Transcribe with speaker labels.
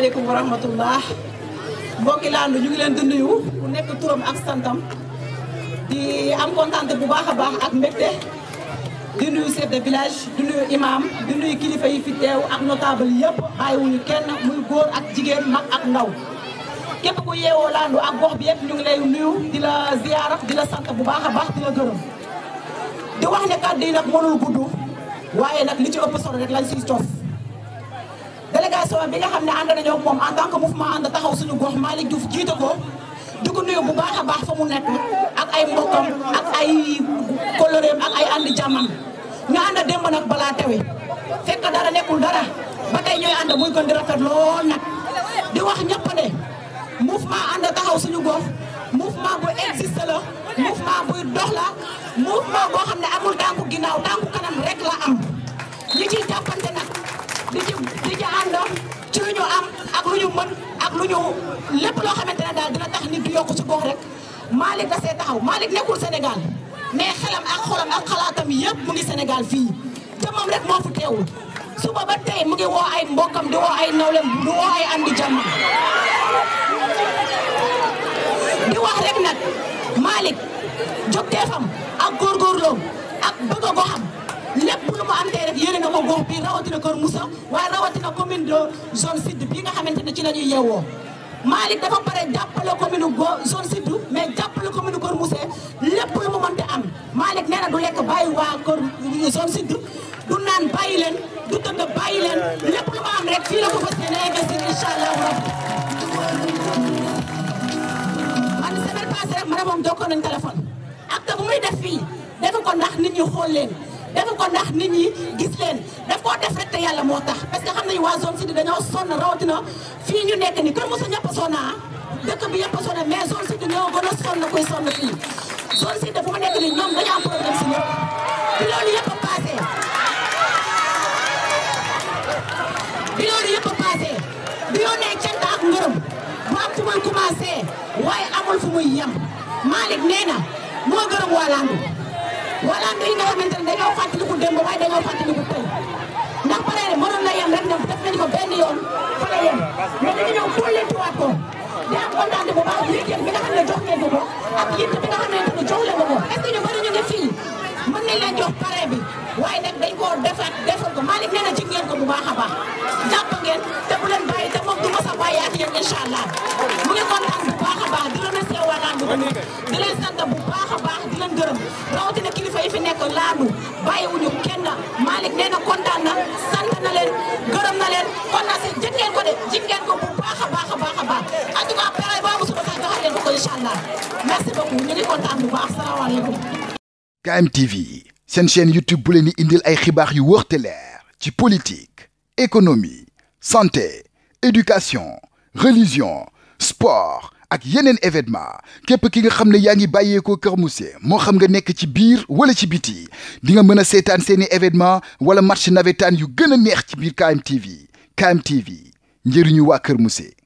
Speaker 1: asalaamaaleykum wa rahmatullah mbokki laandu ñu ngi leen di nuyu nekk turam ak santam di am kontante bu baax a baax ak mbégte di nuyu chef de village di nuyu imam di nuyu kilifa yi fi teew ak notable yëpp bàyyiwuñu kenn muy góor ak jigéen mag ak ndaw képp ku yeewoo laandu ak gox bi yëpp ñu ngi lay nuyu di la ziyaara di la sant bu baax a baax di la gërëm di wax ne kàddu nag mënul gudd waaye nag li ci ëpp solo rek lañ siy cof délégation bi nga xam ne ànd nañoo moom en tant que mouvement ànd taxaw suñu gox Malick Diouf jiite ko di ko nuyu bu baax a baax fa mu nekk ak ay mbokkam ak ay koloreem ak ay ànd jàmmam ñu ànd démb nag balaa tewi fekk dara nekkul dara ba tey ñooy ànd muy gën di rafet lool nag di wax ñëpp ne mouvement ànd taxaw suñu gox mouvement bu existe la mouvement buy dox la mouvement مالك دا سي تاخو مالك نيكول سينيغال مي خلام اك خولام اك خلاتام ييب موغي سينيغال في تمام رك مو فو تيو سوبا با تاي موغي وو اي مبوكام دي وو اي نولم دي وو اي اندي جام دي واخ رك نك مالك جوك تيفام اك غور غور لو اك بوغو غو خام لب لو ما امتي رك يينا نكو غور بي راوتينا كور موسى وا راوتينا كومين دو زون سيد بي nga xamanteni ci lañuy yewoo Malick dafa pare jàppale commune go zone sud mais jàppale commune Kër Mousse lépp lu mu mënti am Malick nee du lekk bàyyi waa kër zone du naan bàyyi leen du tëdd bàyyi leen lépp lu ma am rek fii la ko fas yéene investir incha allah rabbi man semaine passée rek ma ne moom jokkoon nañu téléphone acte bu muy def fii def ko ndax nit ñi xool leen. ko ndax nit ñi gis leen daf koo def rek te yàlla moo tax parce xam nañu waa zone sud dañoo sonn rawatina fii ñu nekk ni Kër Moussa ñëpp sonn ah. dëkk bi yëpp sonn mais zone sud ñoo a sonn kuy sonn fii zone sud fu mu nekk nii ñoom dañoo am problème si ñëpp bi loolu yëpp passé bi loolu yëpp passé bi yoo nee cant ak ngërëm bu am fu muy commencé waaye amul fu muy yem Malick nee na moo gërëm waa Landu wala mbir nga xamante ne dañoo fàttaliku démb waaye dañoo fàttaliku tey ndax pare rek mënoon na yem rek ndax def nañu ko benn yoon fa la yem mais dañu ñëw fóolleetuwaat ko di am kontaan bu baax yéen yéen bi nga xam ne jox ngeen ko ko ak yéen bi nga xam ne jox la ko ko est-ce ñu bëri ñu fii mën nañ leen pare bi waaye nag dañ koo defaat defal ko Malick nee na ci ngeen bu baax a baax jàpp te bu leen bàyyi te moom du rawatina kilifa yi fi nekk laanu bàyyiwuñu kenn malik nee na kontaan na sant na leen gërëm na leen kon naa si jëg ngeen ko de jig ngeen ko bu baax a baax a baax a baax en tout cas pare boobu suba sax joxal leen ko ko incha allah merci beaucoup ñu ngi kontaan bu baax salaamaaleykum.
Speaker 2: KMTV seen chaîne YouTube bu leen di indil ay xibaar yu wër te leer ci politique économie santé éducation religion sport. ak yeneen événement képp ki nga xam ne yaa ngi bàyyeekoo Kër Mousse moo xam nga nekk ci biir wala ci biti di nga mën a seetaan seeni événement wala match navetaan yu gën a neex ci biir KMTV KMTV njëriñu waa Kër Mousse